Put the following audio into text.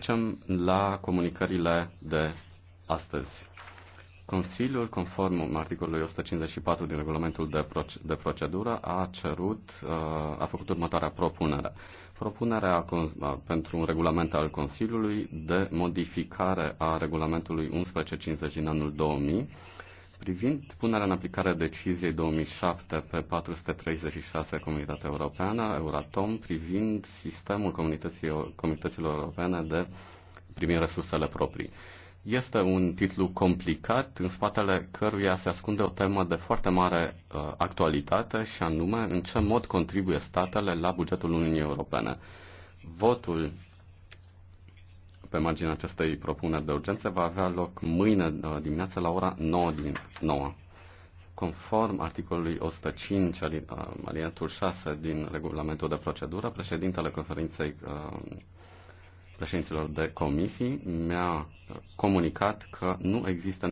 Trecem la comunicările de astăzi. Consiliul, conform articolului 154 din regulamentul de, proce- de procedură, a cerut, uh, a făcut următoarea propunere. Propunerea pentru un regulament al Consiliului de modificare a regulamentului 1150 din anul 2000 privind punerea în aplicare deciziei 2007 pe 436 Comunitatea Europeană, Euratom, privind sistemul comunităților europene de primi resursele proprii. Este un titlu complicat, în spatele căruia se ascunde o temă de foarte mare uh, actualitate, și anume în ce mod contribuie statele la bugetul Uniunii Europene. Votul pe marginea acestei propuneri de urgență va avea loc mâine uh, dimineață la ora 9 din 9. Conform articolului 105, alinatul 6 din regulamentul de procedură, președintele conferinței uh, președinților de comisii mi-a uh, comunicat că nu există